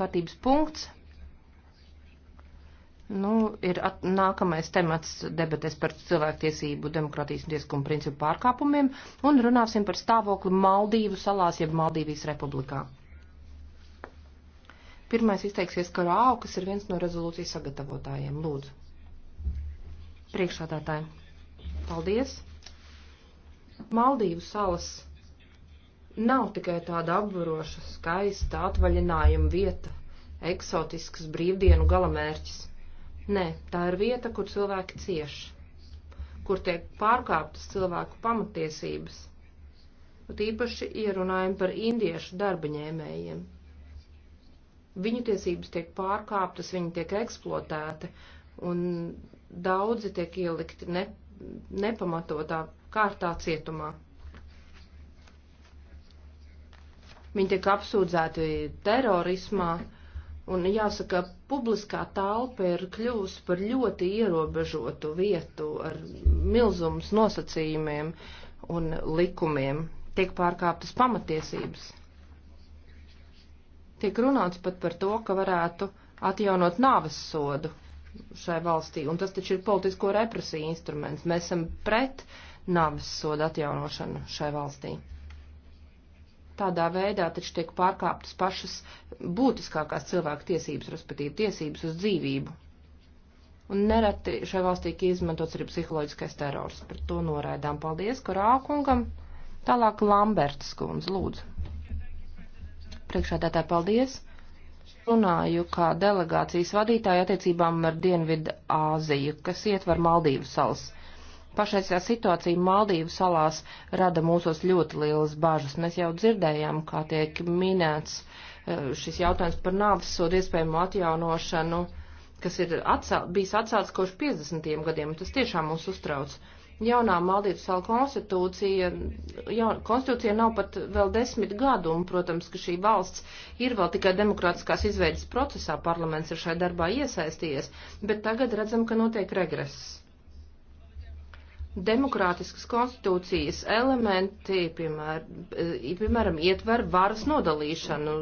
kārtības punkts. Nu, ir at, nākamais temats debatēs par cilvēktiesību, demokrātijas un tieskumu principu pārkāpumiem, un runāsim par stāvokli Maldīvu salās, jeb Maldīvijas republikā. Pirmais izteiksies Karāu, kas ir viens no rezolūcijas sagatavotājiem. Lūdzu. Priekšādātāji. Paldies. Maldīvu salas nav tikai tāda apvaroša, skaista atvaļinājuma vieta, eksotisks brīvdienu galamērķis. Nē, tā ir vieta, kur cilvēki cieš, kur tiek pārkāptas cilvēku pamatiesības, un īpaši ierunājam par indiešu darbaņēmējiem. Viņu tiesības tiek pārkāptas, viņi tiek eksploatēti, un daudzi tiek ielikti ne, nepamatotā kārtā cietumā. Viņi tiek apsūdzēti terorismā. Un jāsaka, publiskā telpa ir kļuvusi par ļoti ierobežotu vietu ar milzums nosacījumiem un likumiem. Tiek pārkāptas pamatiesības. Tiek runāts pat par to, ka varētu atjaunot nāves sodu šai valstī, un tas taču ir politisko represiju instruments. Mēs esam pret nāves sodu atjaunošanu šai valstī. Tādā veidā taču tiek pārkāptas pašas būtiskākās cilvēka tiesības, respektīvi tiesības uz dzīvību. Un nereti šai valstī tiek izmantots arī psiholoģiskais terors. Par to noraidām paldies Korākungam. Tālāk Lamberts kundze, lūdzu. Priekšādātāji, paldies. Runāju kā delegācijas vadītāja attiecībām ar Dienvidu Āziju, kas ietver Maldīvu salas. Pašreizējā situācija Maldīvu salās rada mūsos ļoti lielas bažas. Mēs jau dzirdējām, kā tiek minēts eh, šis jautājums par nāves sodu iespējamo atjaunošanu, kas ir atcel, bijis atcelts kopš 50. gadiem, un tas tiešām mūs uztrauc jaunā Maldīvu salu konstitūcija, jaun, konstitūcija nav pat vēl desmit gadu, un, protams, ka šī valsts ir vēl tikai demokrātiskās izveidas procesā, parlaments ir šai darbā iesaistījies, bet tagad redzam, ka notiek regress demokrātiskas konstitūcijas elementi, piemēram, e, piemēram, ietver varas nodalīšanu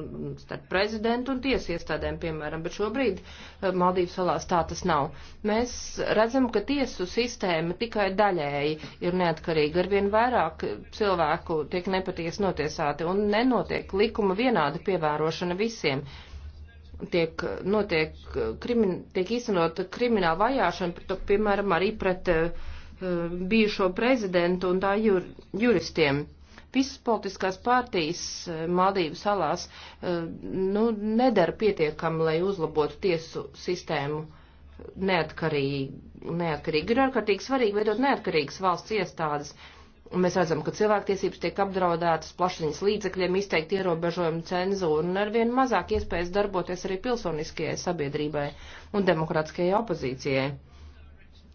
starp prezidentu un tiesiestādēm, piemēram, bet šobrīd e, Maldīvas salās tā tas nav. Mēs redzam, ka tiesu sistēma tikai daļēji ir neatkarīga, arvien vairāk cilvēku tiek nepaties notiesāti un nenotiek likuma vienāda pievērošana visiem tiek, notiek, e, krimin, tiek īstenot krimināla vajāšana, piemēram, arī pret uh, Eh, bijušo prezidentu un tā jur, juristiem. Visas politiskās partijas eh, Maldīvu salās eh, nu, nedara pietiekami, lai uzlabotu tiesu sistēmu neatkarīgi. neatkarīgi. Ir ārkārtīgi svarīgi veidot neatkarīgas valsts iestādes. Un mēs redzam, ka cilvēktiesības tiek apdraudētas, plašsaziņas līdzekļiem izteikti ierobežojumi cenzūru un arvien mazāk iespējas darboties arī pilsoniskajai sabiedrībai un demokrātiskajai opozīcijai.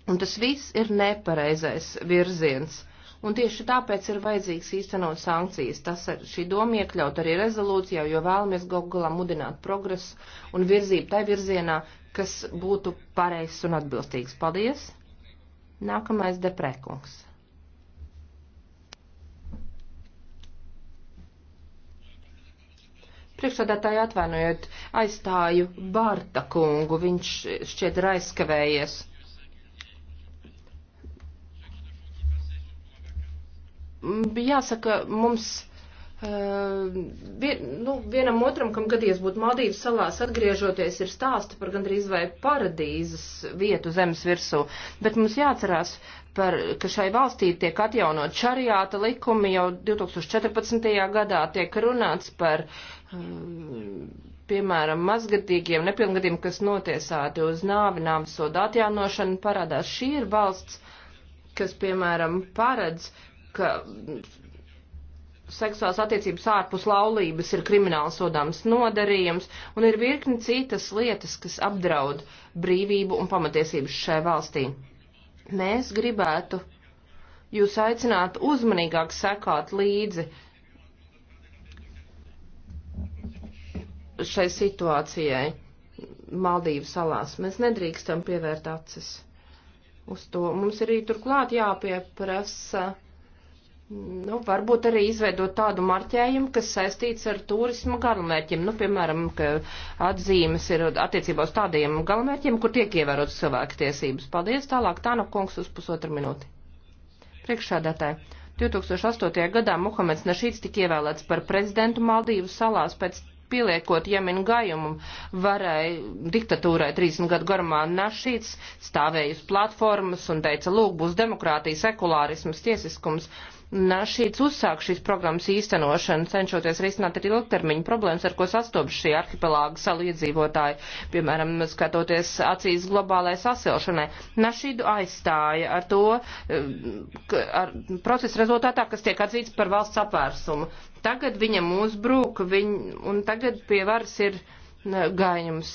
Un tas viss ir nepareizais virziens. Un tieši tāpēc ir vajadzīgs īstenot sankcijas. Tas ar šī doma iekļaut arī rezolūcijā, jo vēlamies galu galā mudināt progresu un virzību tai virzienā, kas būtu pareizs un atbilstīgs. Paldies! Nākamais deprekungs. Priekšsādātāji atvainojiet, aizstāju Barta kungu, viņš šķiet ir aizskavējies. Mm, jāsaka, mums. Uh, eh, vien, nu, vienam otram, kam gadījies būt Maldīvas salās, atgriežoties, ir stāsti par gandrīz vai paradīzes vietu zemes virsū, bet mums jāatcerās, par, ka šai valstī tiek atjaunot šariāta likumi jau 2014. gadā tiek runāts par, um, piemēram, mazgadīgiem, nepilngadiem, kas notiesāti uz nāvi, nāvis sodu atjaunošanu parādās. Šī ir valsts, kas, piemēram, paredz, ka seksuāls attiecības ārpus laulības ir krimināli sodāms nodarījums, un ir virkni citas lietas, kas apdraud brīvību un pamatiesības šai valstī. Mēs gribētu jūs aicināt uzmanīgāk sekāt līdzi šai situācijai Maldīvu salās. Mēs nedrīkstam pievērt acis uz to. Mums arī turklāt jāpieprasa. Uh, Nu, varbūt arī izveidot tādu marķējumu, kas saistīts ar turismu galamērķiem. Nu, piemēram, ka atzīmes ir attiecībā uz tādiem galamērķiem, kur tiek ievērotas cilvēku tiesības. Paldies, tālāk tā nu kungs uz pusotru minūti. Priekšsādātāji. 2008. gadā Muhameds Nešīts tika ievēlēts par prezidentu Maldīvu salās pēc pieliekot Jemenu Gajumu varēja diktatūrai 30 gadu garumā Našīts stāvēja uz platformas un teica, lūk, būs demokrātija, sekulārisms, tiesiskums. Našīts uzsāk šīs programmas īstenošanu, cenšoties risināt arī ilgtermiņu problēmas, ar ko sastopas šī arhipelāga salu iedzīvotāji, piemēram, skatoties acīs globālai sasilšanai. Našīdu aizstāja ar to eh, ar procesu rezultātā, kas tiek atzīts par valsts apvērsumu. Tagad viņam uzbrūk, viņ, un tagad pie varas ir eh, gaiņums.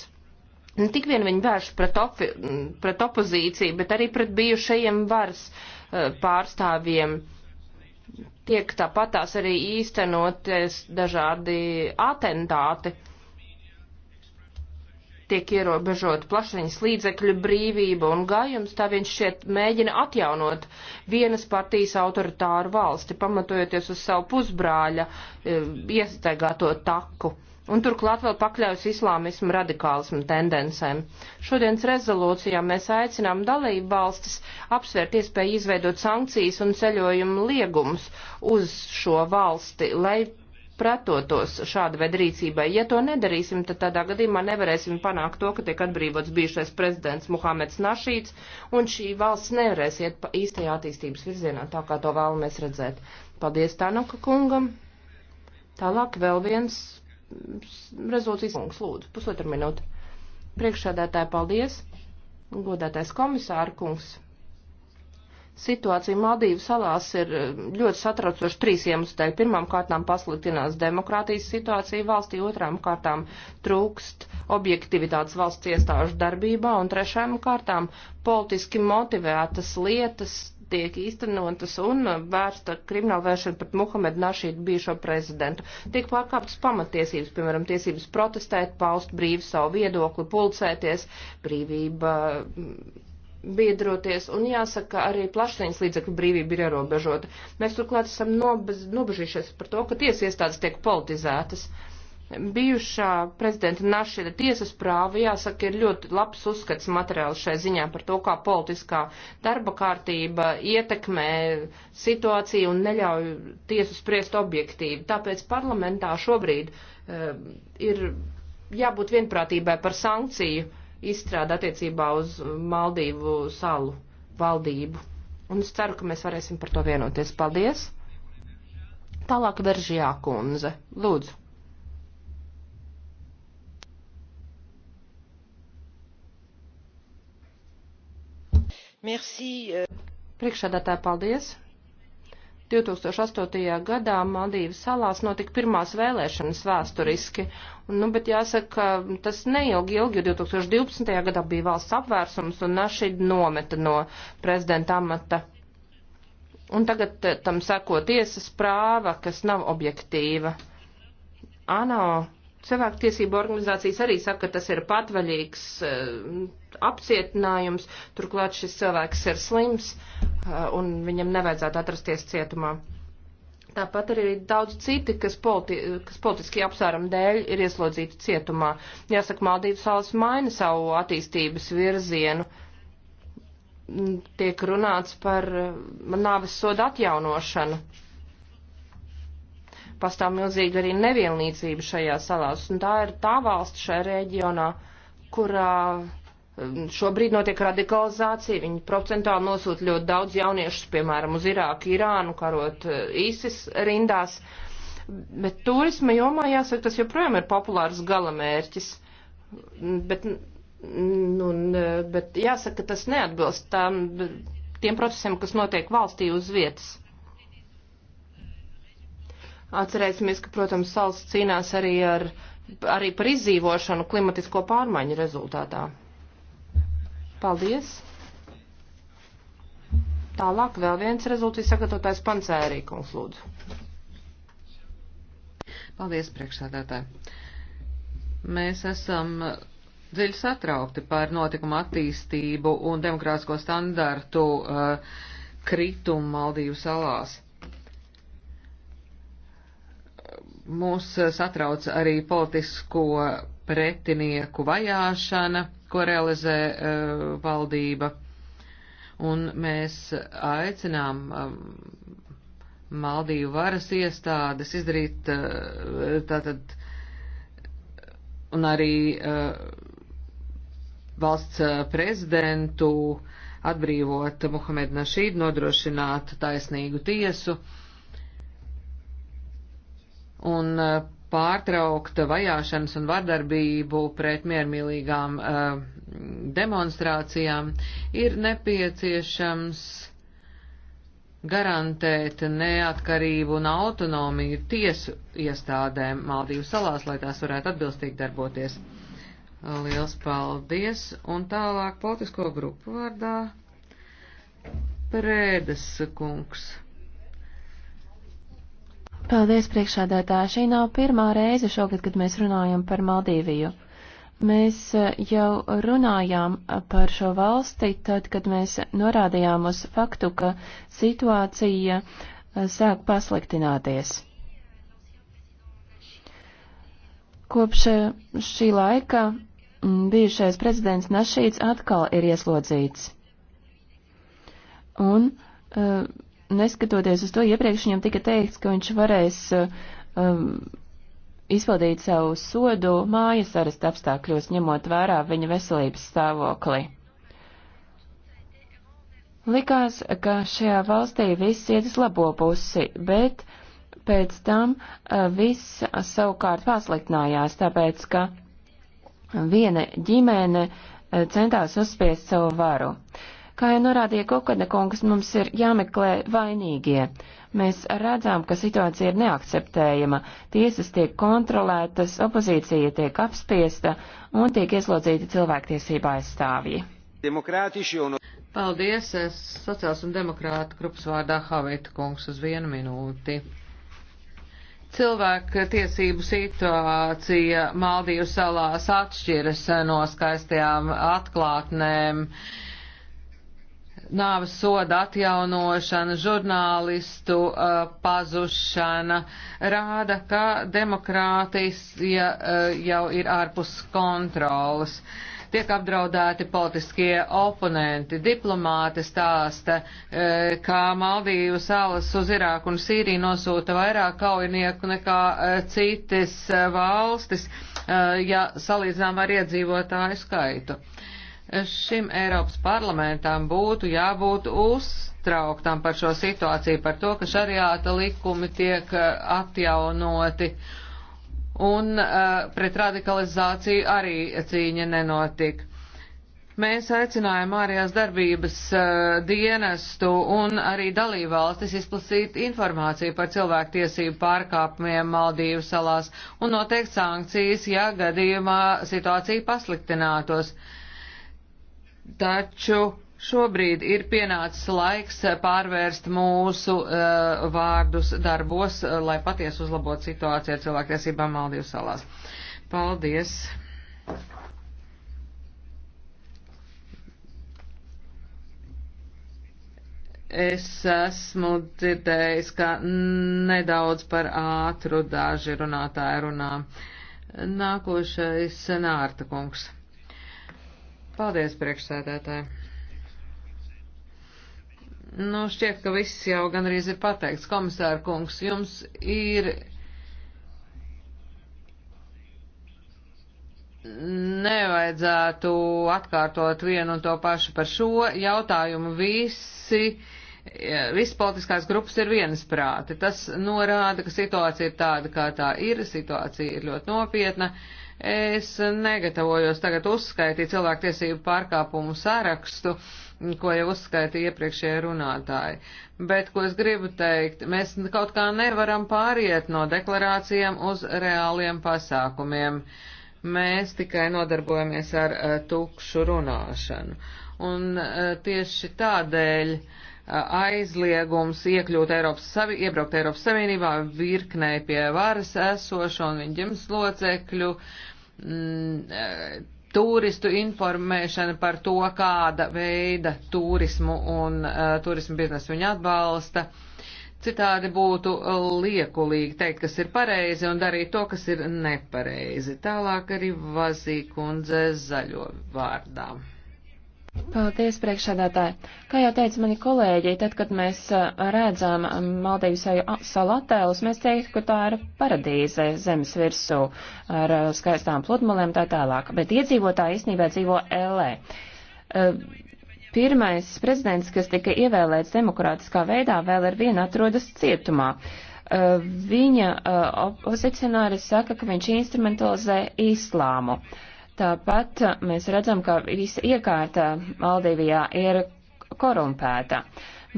Ne nu, tik vien viņi vērš pret, ofi, pret opozīciju, bet arī pret bijušajiem varas eh, pārstāvjiem. Uh, tiek tāpatās arī īstenoties dažādi atentāti tiek ierobežot plašiņas līdzekļu brīvība un gājums, tā viņš šeit mēģina atjaunot vienas partijas autoritāru valsti, pamatojoties uz savu pusbrāļa e, iestaigāto taku un turklāt vēl pakļaujas islāmismu radikālismu tendencēm. Šodienas rezolūcijā mēs aicinām dalību valstis apsvērt iespēju izveidot sankcijas un ceļojumu liegumus uz šo valsti, lai pretotos šāda veida rīcībai. Ja to nedarīsim, tad tādā gadījumā nevarēsim panākt to, ka tiek atbrīvots bijušais prezidents Muhameds Našīts, un šī valsts nevarēs iet pa īstajā attīstības virzienā, tā kā to vēlamies redzēt. Paldies Tanuka kungam. Tālāk vēl viens rezolūcijas kungs, lūdzu, pusotru minūti. Priekšsēdētāji, paldies. Godātais komisāra kungs, Situācija Maldīvu salās ir eh, ļoti satraucoša trīs iemeslēļ. Pirmām kārtām pasliktinās demokrātijas situācija valstī, otrām kārtām trūkst objektivitātes valsts iestāžu darbībā, un trešām kārtām politiski motivētas lietas tiek īstenotas un vērsta krimināla vēršana pret Muhamedu Našīdu bijušo prezidentu. Tiek pārkāptas pamatiesības, piemēram, tiesības protestēt, paust brīvi savu viedokli, pulcēties, brīvība biedroties, un jāsaka, arī plašsaņas līdzekļu brīvība ir ierobežota. Mēs turklāt esam nobež, nobežījušies par to, ka tiesa iestādes tiek politizētas. Bijušā prezidenta Našida tiesas prāva, jāsaka, ir ļoti labs uzskats materiāls šai ziņā par to, kā politiskā darba kārtība ietekmē situāciju un neļauj tiesu spriest objektīvi. Tāpēc parlamentā šobrīd uh, ir jābūt vienprātībai par sankciju uh, izstrāda attiecībā uz Maldīvu salu valdību. Un es ceru, ka mēs varēsim par to vienoties. Paldies! Tālāk veržjā kundze. Lūdzu! Merci. Priekšādātāji, paldies! 2008. gadā Maldīvas salās notika pirmās vēlēšanas vēsturiski, nu, bet jāsaka, ka tas neilgi ilgi, jo 2012. gadā bija valsts apvērsums un Našid nometa no prezidenta amata. Un tagad eh, tam seko tiesas prāva, kas nav objektīva. Ano, Cilvēku tiesību organizācijas arī saka, ka tas ir patvaļīgs eh, apcietinājums, turklāt šis cilvēks ir slims eh, un viņam nevajadzētu atrasties cietumā. Tāpat arī daudz citi, kas, politi kas politiski apsvērumu dēļ ir ieslodzīti cietumā. Jāsaka, Maldīvas salas maina savu attīstības virzienu. Tiek runāts par eh, nāves sodu atjaunošanu pastāv milzīga arī nevienlīdzība šajā salās, un tā ir tā valsts šajā reģionā, kurā um, šobrīd notiek radikalizācija, viņi procentuāli nosūta ļoti daudz jauniešus, piemēram, uz Irāku, Irānu, karot uh, ISIS rindās, bet turisma jomā, jāsaka, tas joprojām ir populārs galamērķis, bet, nu, bet jāsaka, tas neatbilst tam, tiem procesiem, kas notiek valstī uz vietas. Atcerēsimies, ka, protams, salas cīnās arī, ar, arī par izdzīvošanu klimatisko pārmaiņu rezultātā. Paldies! Tālāk vēl viens rezultīs sagatavotājs Pancērī, kungs lūdzu. Paldies, priekšsādātāji. Mēs esam dziļi satraukti par notikumu attīstību un demokrātisko standartu uh, kritumu Maldīvu salās. Mūs eh, satrauc arī politisko pretinieku vajāšana, ko realizē uh, valdība. Un mēs aicinām um, Maldīvu varas iestādes izdarīt uh, tātad un arī uh, valsts prezidentu atbrīvot Muhamedu Našīdu, nodrošināt taisnīgu tiesu. Uh, un eh, pārtraukt vajāšanas un vardarbību pret miermīlīgām uh, demonstrācijām, ir nepieciešams garantēt neatkarību un autonomiju tiesu iestādēm Maldīvu salās, lai tās varētu atbilstīgi darboties. Liels paldies! Un tālāk politisko grupu vārdā Prēdes kungs. Paldies, priekšādātā. Šī nav pirmā reize šogad, kad mēs runājam par Maldīviju. Mēs eh, jau runājām eh, par šo valsti, tad, kad mēs norādījām uz faktu, ka situācija eh, sāk pasliktināties. Kopš šī laika bijušais prezidents Našīts atkal ir ieslodzīts. Un uh, neskatoties uz to, iepriekš viņam tika teikts, ka viņš varēs uh, um, izpildīt savu sodu mājas arest apstākļos, ņemot vērā viņa veselības stāvokli. Likās, ka šajā valstī viss iet uz labo pusi, bet pēc tam uh, viss savukārt pasliktinājās, tāpēc, ka viena ģimene uh, centās uzspiest savu varu. Uh, Kā jau norādīja Kokada kungs, mums ir jāmeklē vainīgie. Mēs redzam, ka situācija ir neakceptējama. Tiesas tiek kontrolētas, opozīcija tiek apspiesta un tiek ieslodzīti cilvēktiesība aizstāvji. Paldies, es sociāls un demokrāta grupas vārdā Havita kungs uz vienu minūti. Cilvēka tiesību situācija Maldīvu salās atšķiras no skaistajām atklātnēm. Uh, nāves soda atjaunošana, žurnālistu uh, pazušana rāda, ka demokrātijas ja, uh, jau ir ārpus kontrolas. Tiek apdraudēti politiskie oponenti, diplomāti stāsta, uh, kā Maldīvu salas uz Irāku un Sīriju nosūta vairāk kaujinieku nekā uh, citas uh, valstis, uh, ja salīdzinām ar iedzīvotāju skaitu šim Eiropas parlamentam būtu jābūt uztrauktam par šo situāciju, par to, ka šariāta likumi tiek eh, atjaunoti un eh, pret radikalizāciju arī cīņa nenotika. Mēs aicinājām ārējās darbības eh, dienestu un arī dalībvalstis izplasīt informāciju par cilvēktiesību pārkāpumiem Maldīvu salās un noteikt sankcijas, ja gadījumā situācija pasliktinātos. Uh, Taču šobrīd ir pienācis laiks pārvērst mūsu uh, vārdus darbos, uh, lai patiesi uzlabotu situāciju ar cilvēktiesībām Maldīvu salās. Paldies! Es esmu dzirdējis, ka nedaudz par ātru daži runātāji runā. Nākošais Nārta kungs. Paldies, priekšsēdētāji. Nu, šķiet, ka viss jau gan arī ir pateikts. Komisāra kungs, jums ir nevajadzētu atkārtot vienu un to pašu par šo jautājumu. Visi, visi politiskās grupas ir viensprāti. Tas norāda, ka situācija ir tāda, kā tā ir. Situācija ir ļoti nopietna. Uh, Es negatavojos tagad uzskaitīt cilvēktiesību pārkāpumu sārakstu, ko jau uzskaitīja iepriekšējie runātāji. Bet, ko es gribu teikt, mēs kaut kā nevaram pāriet no deklarācijām uz reāliem pasākumiem. Mēs tikai nodarbojamies ar uh, tukšu runāšanu. Un uh, tieši tādēļ uh, aizliegums iekļūt Eiropas, savi, iebraukt Eiropas Savienībā virknei pie varas esošo un viņa ģimenes locekļu. Uh, mm, e, turistu informēšana par to, kāda veida turismu un uh, turismu biznesu viņi atbalsta. Citādi būtu liekulīgi teikt, kas ir pareizi un darīt to, kas ir nepareizi. Tālāk arī Vazī kundze zaļo vārdā. Paldies, priekšsēdētāji. Kā jau teica mani kolēģi, tad, kad mēs redzam Maldīvu salu attēlus, mēs teiktu, ka tā ir paradīze zemes virsū ar skaistām pludmalēm tā tālāk. Bet iedzīvotāji īstenībā dzīvo LA. E. Pirmais prezidents, kas tika ievēlēts demokrātiskā veidā, vēl ar vienu atrodas cietumā. Viņa opozicionāri saka, ka viņš instrumentalizē islāmu. Uh, Tāpat mēs redzam, ka visa iekārta Maldīvijā ir korumpēta.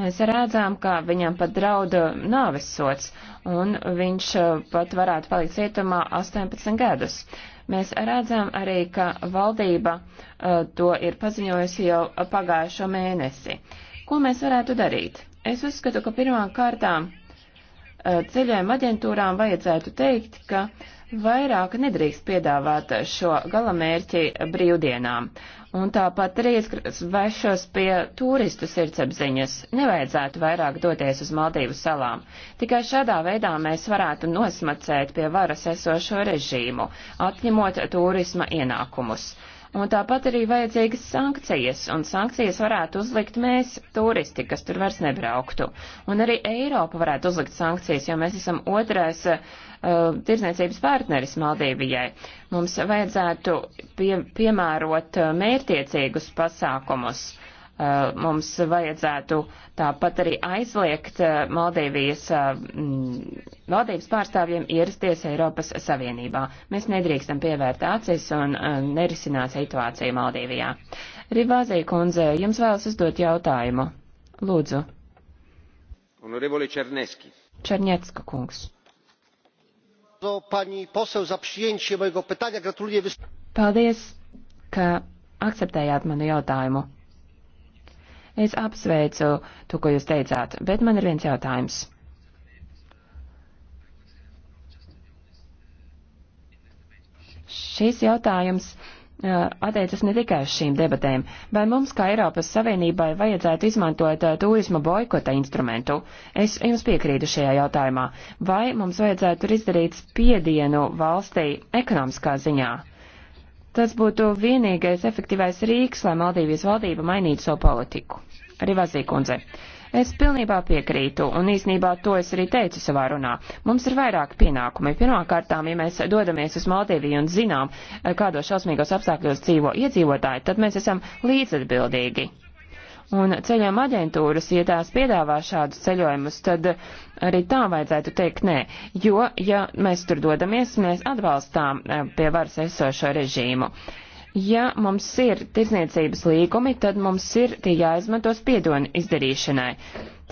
Mēs redzam, ka viņam pat draud nāves sots, un viņš pat varētu palikt cietumā 18 gadus. Mēs redzam arī, ka valdība uh, to ir paziņojusi jau pagājušo mēnesi. Ko mēs varētu darīt? Es uzskatu, ka pirmām kārtām Eh, ceļojuma aģentūrām vajadzētu teikt, ka vairāk nedrīkst piedāvāt šo galamērķi brīvdienām. Un tāpat arī es vēršos pie turistu sirdsapziņas. Nevajadzētu vairāk doties uz Maldīvu salām. Tikai šādā veidā mēs varētu nosmacēt pie varas esošo režīmu, atņemot turisma ienākumus. Un tāpat arī vajadzīgas sankcijas, un sankcijas varētu uzlikt mēs, turisti, kas tur vairs nebrauktu. Un arī Eiropa varētu uzlikt sankcijas, jo mēs esam otrais uh, tirzniecības partneris Maldīvijai. Mums vajadzētu pie, piemērot uh, mērtiecīgus pasākumus. Uh, Eh, mums vajadzētu tāpat arī aizliegt eh, Moldīvijas valdības eh, pārstāvjiem ierasties Eiropas Savienībā. Mēs nedrīkstam pievērt acis un nerisināt situāciju Moldīvijā. Rivāzī kundze, jums vēlas uzdot jautājumu. Lūdzu. Honorevole Černeski. Černiecka kungs. Paldies, ka akceptējāt manu jautājumu. Es apsveicu to, ko jūs teicāt, bet man ir viens jautājums. Šis jautājums uh, attiecas ne tikai uz šīm debatēm, vai mums kā Eiropas Savienībai vajadzētu izmantot uh, turisma boikota instrumentu? Es jums piekrītu šajā jautājumā. Vai mums vajadzētu izdarīt spiedienu valstī ekonomiskā ziņā? Tas būtu vienīgais efektīvais rīks, lai Maldīvijas valdība mainītu savu politiku. Arī Vazīkundze. Es pilnībā piekrītu, un īsnībā to es arī teicu savā runā. Mums ir vairāk pienākumi. Pirmkārtām, ja mēs dodamies uz Maldīviju un zinām, kādos šausmīgos apstākļos dzīvo iedzīvotāji, tad mēs esam līdzatbildīgi un ceļojuma aģentūras, ja tās piedāvā šādus ceļojumus, tad arī tā vajadzētu teikt nē, jo, ja mēs tur dodamies, mēs atbalstām eh, pie varas esošo režīmu. Ja mums ir tirsniecības līgumi, tad mums ir tie jāizmanto spiedoni izdarīšanai.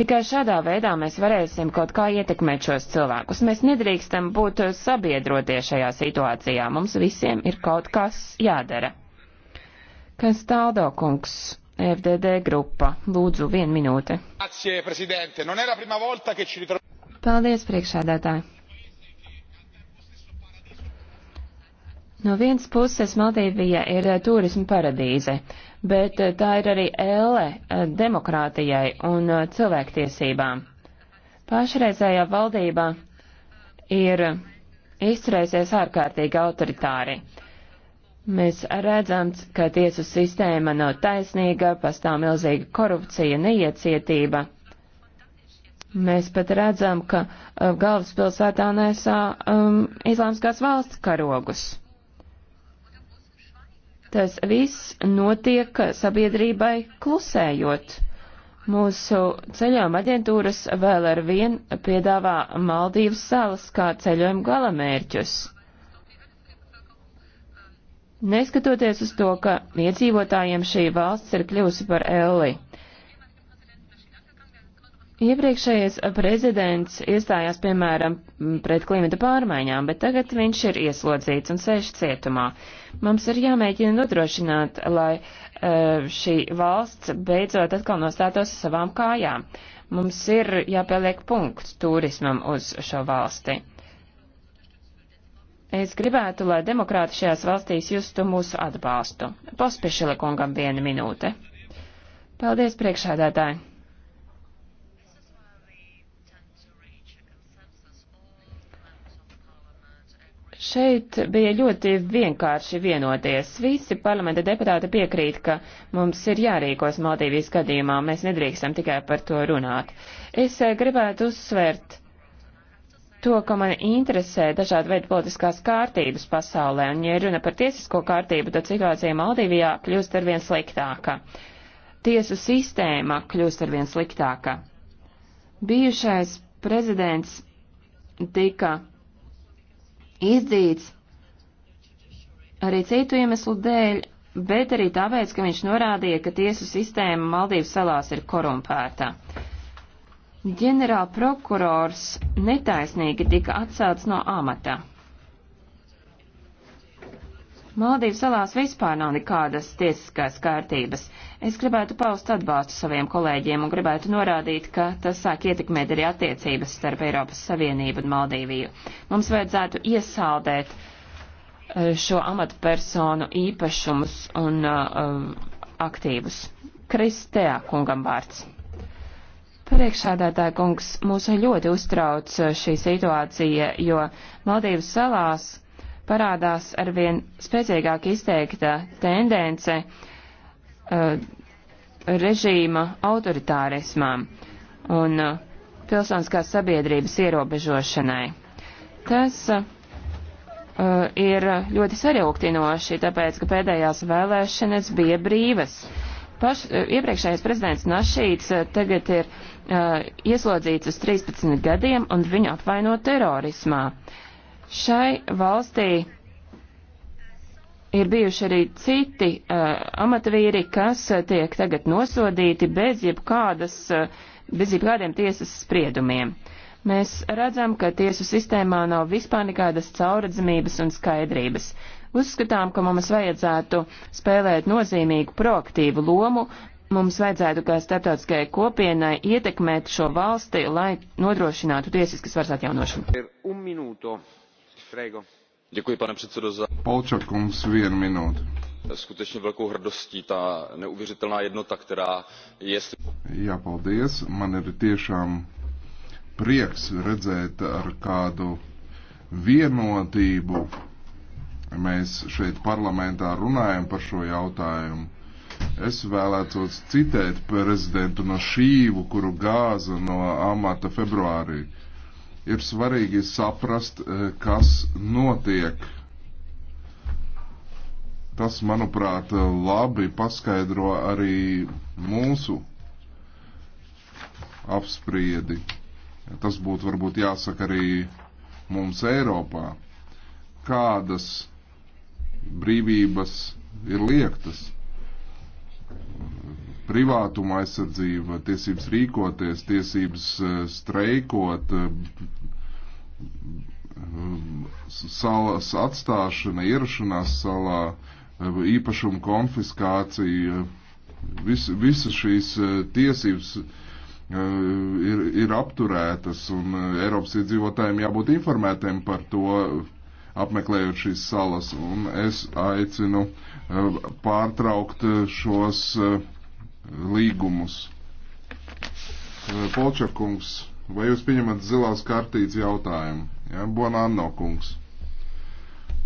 Tikai šādā veidā mēs varēsim kaut kā ietekmēt šos cilvēkus. Mēs nedrīkstam būt sabiedrotie šajā situācijā. Mums visiem ir kaut kas jādara. Kas tāldo, kungs? FDD grupa. Lūdzu, vienu minūti. Paldies, priekšādātāji. No vienas puses Maldīvija ir eh, turismu paradīze, bet eh, tā ir arī ēle eh, demokrātijai un cilvēktiesībām. Pašreizējā valdība ir izturēsies ārkārtīgi autoritāri. Mēs redzam, ka tiesu sistēma nav taisnīga, pastāv milzīga korupcija, neiecietība. Mēs pat redzam, ka uh, galvaspilsētā nesā um, islāmskās valsts karogus. Tas viss notiek sabiedrībai klusējot. Mūsu ceļojuma aģentūras vēl ar vien piedāvā Maldīvas salas kā ceļojuma galamērķus. Neskatoties uz to, ka iedzīvotājiem šī valsts ir kļuvusi par elli. Iepriekšējais prezidents iestājās, piemēram, pret klimata pārmaiņām, bet tagad viņš ir ieslodzīts un sēž cietumā. Mums ir jāmēģina nodrošināt, lai e, šī valsts beidzot atkal nostātos savām kājām. Mums ir jāpieliek punkts turismam uz šo valsti. Es gribētu, lai demokrāti šajās valstīs justu mūsu atbalstu. Pospešila kungam viena minūte. Paldies, priekšādātāji. Šeit bija ļoti vienkārši vienoties. Visi parlamenta deputāti piekrīt, ka mums ir jārīkos Maldīvijas gadījumā, mēs nedrīkstam tikai par to runāt. Es eh, gribētu uzsvērt to, ka mani interesē dažādi veidi politiskās kārtības pasaulē, un, ja runa par tiesisko kārtību, tad situācija Maldīvijā kļūst arvien sliktāka. Tiesu sistēma kļūst arvien sliktāka. Bijušais prezidents tika izdzīts arī citu iemeslu dēļ, bet arī tāpēc, ka viņš norādīja, ka tiesu sistēma Maldīvas salās ir korumpēta ģenerāla prokurors netaisnīgi tika atcelts no amata. Maldīvu salās vispār nav nekādas tiesiskās kārtības. Es gribētu paust atbalstu saviem kolēģiem un gribētu norādīt, ka tas sāk ietekmēt arī attiecības starp Eiropas Savienību un Maldīviju. Mums vajadzētu iesaldēt eh, šo amatpersonu īpašumus un uh, aktīvus. Kristēā kungam vārds. Priekšādātāja kungs, mūs ļoti uztrauc eh, šī situācija, jo Maldīvas salās parādās arvien spēcīgāk izteikta tendence uh, režīma autoritārismām un uh, pilsoniskās sabiedrības ierobežošanai. Tas uh, ir ļoti sarūktinoši, tāpēc, ka pēdējās vēlēšanas bija brīvas. Uh, Paš, eh, iepriekšējais prezidents Našīts eh, tagad ir uh, ieslodzīts uz 13 gadiem un viņu apvaino terorismā. Šai valstī ir bijuši arī citi uh, amatvīri, kas tiek tagad nosodīti bez jebkādas, uh, bez jebkādiem tiesas spriedumiem. Mēs redzam, ka tiesu sistēmā nav vispār nekādas cauradzamības un skaidrības. Uzskatām, ka mums vajadzētu spēlēt nozīmīgu proaktīvu lomu, mums vajadzētu kā starptautiskajai kopienai ietekmēt šo valsti, lai nodrošinātu tiesiskas varas atjaunošanu. Děkuji, pane předsedo, za... Polčakums, vien minūte. Skutečně velkou hrdostí ta neuvěřitelná jednota, která je... Jā, paldies. Man ir tiešām prieks redzēt ar kādu vienotību mēs šeit parlamentā runājam par šo jautājumu. Es vēlētos citēt prezidentu no šīvu, kuru gāza no amata februārī. Ir svarīgi saprast, e, kas notiek. Tas, manuprāt, labi paskaidro arī mūsu apspriedi. Tas būtu varbūt jāsaka arī mums Eiropā. Kādas brīvības ir liektas. Privātuma aizsardzība, tiesības rīkoties, tiesības eh, streikot, eh, salas atstāšana, ierašanās salā, eh, īpašuma konfiskācija, vis, visas šīs tiesības ir, ir apturētas un Eiropas iedzīvotājiem jābūt informētiem par to, apmeklējot šīs salas, un es aicinu eh, pārtraukt eh, šos eh, līgumus. Polčakungs, vai jūs pieņemat zilās kartītes jautājumu? Ja? Bonanno kungs.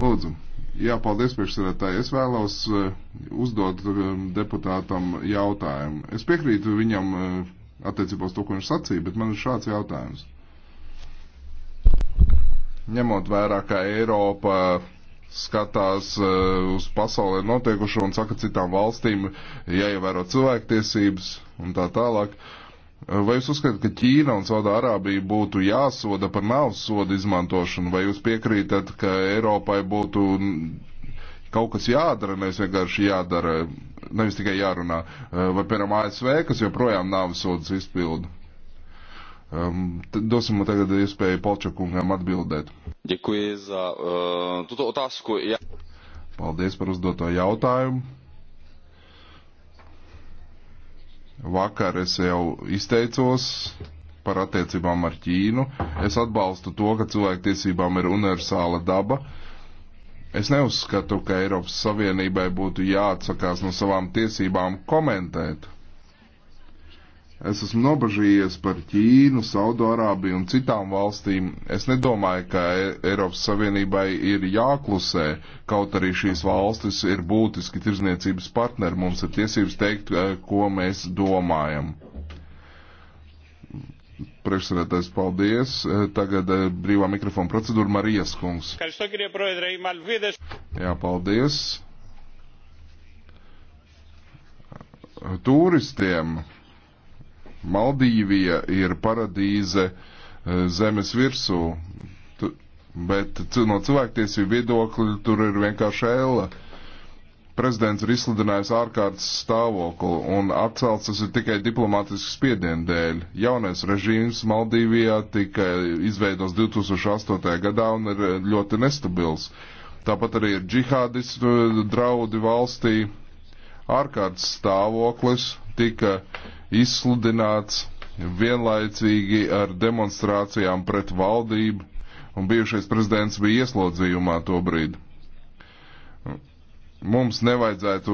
Lūdzu. Jā, paldies priekšsēdētāji. Es vēlos uzdot um, deputātam jautājumu. Es piekrītu viņam attiecībā uz to, ko viņš sacīja, bet man ir šāds jautājums ņemot vērā, ka Eiropa skatās e, uz pasaulē notiekušo un saka citām valstīm, jāievēro cilvēktiesības un tā tālāk. E, vai jūs uzskatāt, ka Ķīna un Saudārābija būtu jāsoda par navas sodu izmantošanu, vai jūs piekrītat, ka Eiropai būtu kaut kas jādara, nevis vienkārši jādara, nevis tikai jārunā, e, vai piemēram ASV, kas joprojām navas sodas izpildu? Um, dosim tagad iespēju Polčakungam atbildēt. Děkuji za uh, tuto otázku. Ja... Paldies par uzdoto jautājumu. Vakar es jau izteicos par attiecībām ar Ķīnu. Es atbalstu to, ka cilvēktiesībām ir universāla daba. Es neuzskatu, ka Eiropas Savienībai būtu jāatsakās no savām tiesībām komentēt Es esmu nobažījies par Ķīnu, Saudārābiju un citām valstīm. Es nedomāju, ka e- Eiropas Savienībai ir jāklusē, kaut arī šīs valstis ir būtiski tirzniecības partneri. Mums ir tiesības teikt, eh, ko mēs domājam. Priekšsēdētājs, paldies. Eh, tagad eh, brīvā mikrofona procedūra Marijas kungs. Jā, paldies. Turistiem Maldīvija ir paradīze e, zemes virsū, bet no cilvēktiesību viedokļa tur ir vienkārši ēla. Prezidents ir izsludinājis ārkārtas stāvokli un atcelts tas ir tikai diplomātisks spiedienu dēļ. Jaunais režīms Maldīvijā tika izveidos 2008. gadā un ir ļoti nestabils. Tāpat arī ir džihādistu draudi valstī, ārkārtas stāvoklis, tika izsludināts vienlaicīgi ar demonstrācijām pret valdību, un bijušais prezidents bija ieslodzījumā to brīdi. Mums nevajadzētu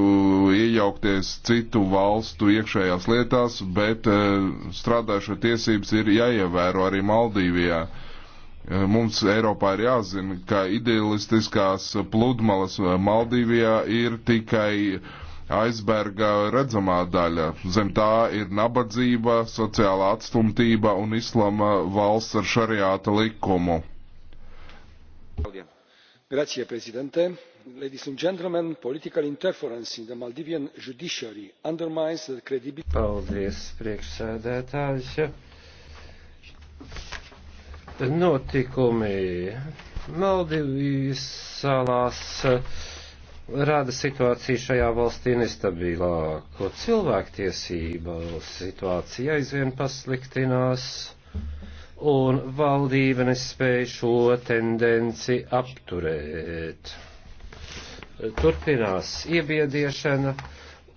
iejaukties citu valstu iekšējās lietās, bet eh, strādājušo tiesības ir jāievēro arī Maldīvijā. Eh, mums Eiropā ir jāzina, ka idealistiskās pludmales eh, Maldīvijā ir tikai uh, aizberga redzamā daļa. Zem tā ir nabadzība, sociālā atstumtība un islama valsts ar šariāta likumu. Grazie, Presidente. Ladies and gentlemen, political interference in the Maldivian judiciary undermines the credibility. Paldies, priekšsēdētājs. Notikumi Maldivijas salās. Uh, rada situāciju šajā valstī nestabilāku. Cilvēktiesība situācija aizvien pasliktinās, un valdība nespēja šo tendenci apturēt. Turpinās iebiediešana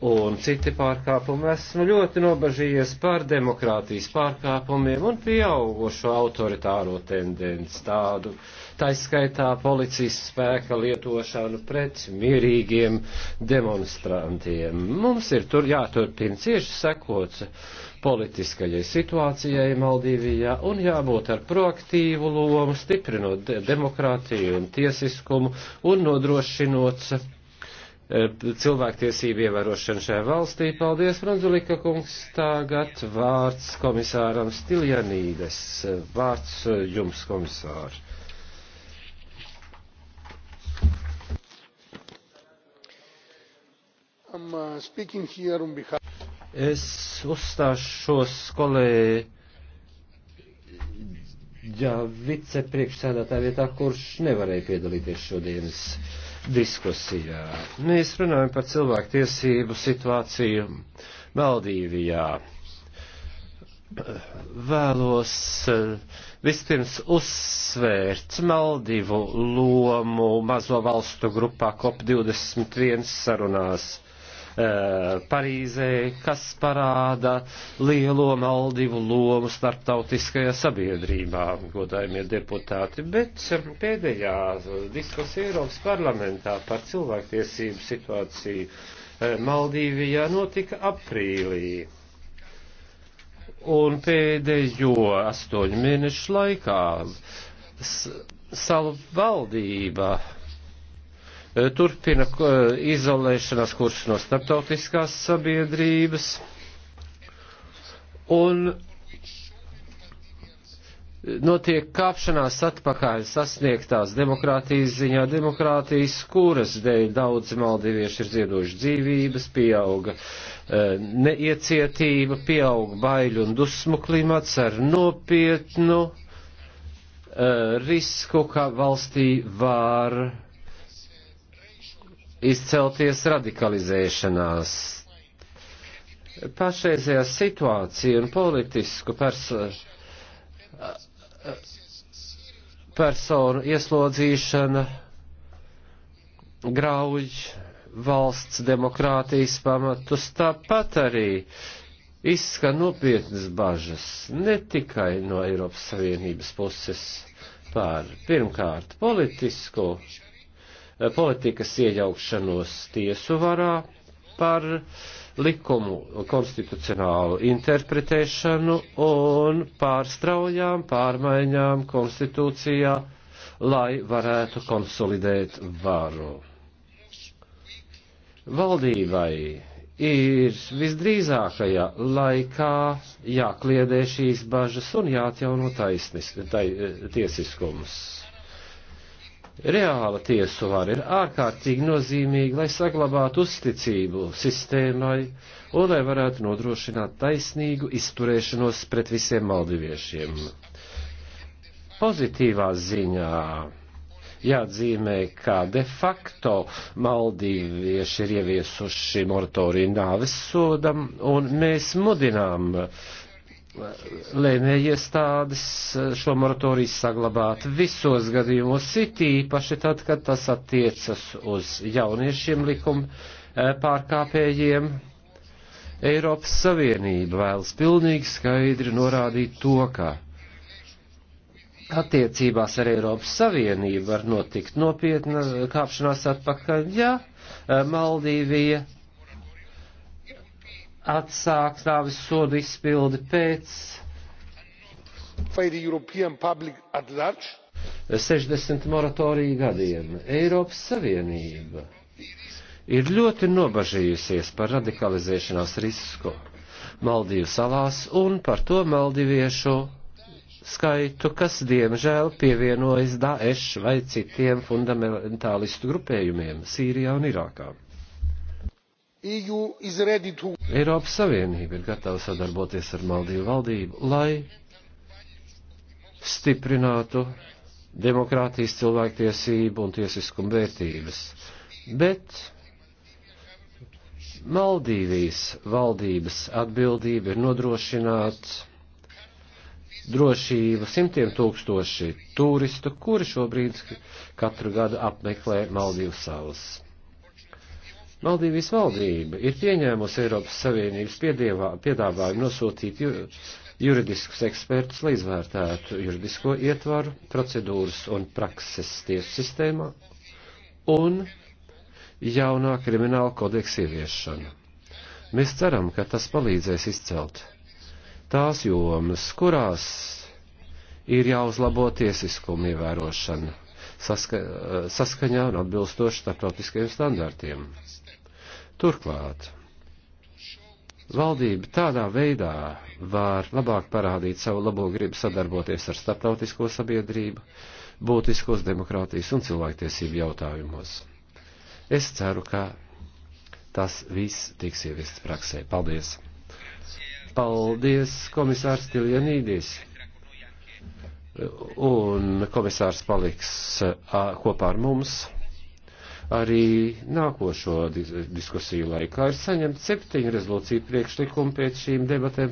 un citi pārkāpumi. Esmu ļoti nobažījies par demokrātijas pārkāpumiem un pieaugušo autoritāro tendenci tādu, taiskaitā policijas spēka lietošanu pret mierīgiem demonstrantiem. Mums ir tur jāturpina cieši sekot politiskajai situācijai Maldīvijā un jābūt ar proaktīvu lomu, stiprinot demokrātiju un tiesiskumu un nodrošinot Eh, cilvēktiesību ievērošanu šajā valstī. Paldies, Franzulika kungs. Tagad vārds komisāram Stiljanīdes. Eh, vārds eh, jums, komisārs. Uh, es uzstāšos kolēģi ja vicepriekšsēdētāja vietā, kurš nevarēja piedalīties šodienas diskusijā. Mēs runājam par cilvēktiesību situāciju Maldīvijā. Vēlos eh, vispirms uzsvērt Maldīvu lomu mazo valstu grupā COP21 sarunās Eh, Parīzē, kas parāda lielo Maldivu lomu starptautiskajā sabiedrībā, godājumie deputāti. Bet eh, pēdējā diskusija Eiropas parlamentā par cilvēktiesību situāciju eh, Maldīvijā notika aprīlī. Un pēdējo astoņu mēnešu laikā salu valdība Eh, turpina eh, izolēšanās kursu no starptautiskās sabiedrības. Un eh, notiek kāpšanās atpakaļ sasniegtās demokrātijas ziņā, demokrātijas, kuras dēļ daudzi maldivieši ir ziedojuši dzīvības, pieauga neiecietība, pieauga baiļu un dusmu klimats ar nopietnu risku, ka valstī var izcelties radikalizēšanās. Pašreizējā situācija un politisku perso personu ieslodzīšana grauj valsts demokrātijas pamatus, tāpat arī izskan nopietnas bažas ne tikai no Eiropas Savienības puses pār pirmkārt politisko Eh, politikas iejaukšanos tiesu varā, par likumu konstitucionālu interpretēšanu un pārstraujām pārmaiņām konstitūcijā, lai varētu konsolidēt varu. Valdībai ir visdrīzākajā laikā jākliedē šīs bažas un jāatjauno taisnis, tai, tiesiskums. Reāla tiesu vara ir ārkārtīgi nozīmīga, lai saglabātu uzticību sistēmai un lai varētu nodrošināt taisnīgu izturēšanos pret visiem maldiviešiem. Pozitīvā ziņā jāatzīmē, ka de facto maldīvieši ir ieviesuši moratoriju nāves sodam, un mēs mudinām uh, lēmējiestādes eh, šo moratoriju saglabāt visos gadījumos, it īpaši tad, kad tas attiecas uz jauniešiem likuma eh, pārkāpējiem. Eiropas Savienība vēlas pilnīgi skaidri norādīt to, ka attiecībās ar Eiropas Savienību var notikt nopietna kāpšanās atpakaļ, ja eh, Maldīvija atsākt nāvis sodu izpildi pēc 60 moratoriju gadiem. Eiropas Savienība ir ļoti nobažījusies par radikalizēšanās risku Maldīvu salās un par to maldiviešu skaitu, kas diemžēl pievienojas Daesh vai citiem fundamentālistu grupējumiem Sīrijā un Irākā. E to... Eiropas Savienība ir gatava sadarboties ar Maldīvu valdību, lai stiprinātu demokrātijas cilvēktiesību un tiesiskumu vērtības. Bet Maldīvijas valdības atbildība ir nodrošināt drošību simtiem tūkstoši turistu, kuri šobrīd katru gadu apmeklē Maldīvas salas. Maldīvijas valdība ir pieņēmusi Eiropas Savienības piedievā, piedāvājumu nosūtīt ju, juridiskus ekspertus, lai izvērtētu juridisko ietvaru, procedūras un prakses tiesu sistēmā un jaunā krimināla kodeksa ieviešanu. Mēs ceram, ka tas palīdzēs izcelt tās jomas, kurās ir jāuzlabo tiesiskuma ievērošana saska, saskaņā un atbilstoši starptautiskajiem standartiem. Turklāt valdība tādā veidā var labāk parādīt savu labo gribu sadarboties ar starptautisko sabiedrību, būtiskos demokrātijas un cilvēktiesību jautājumos. Es ceru, ka tas viss tiks ieviests praksē. Paldies! Paldies, komisārs Tiljanīdis! Un komisārs paliks kopā ar mums arī nākošo diskusiju laikā ir saņemt septiņu rezolūciju priekšlikumu pēc šīm debatēm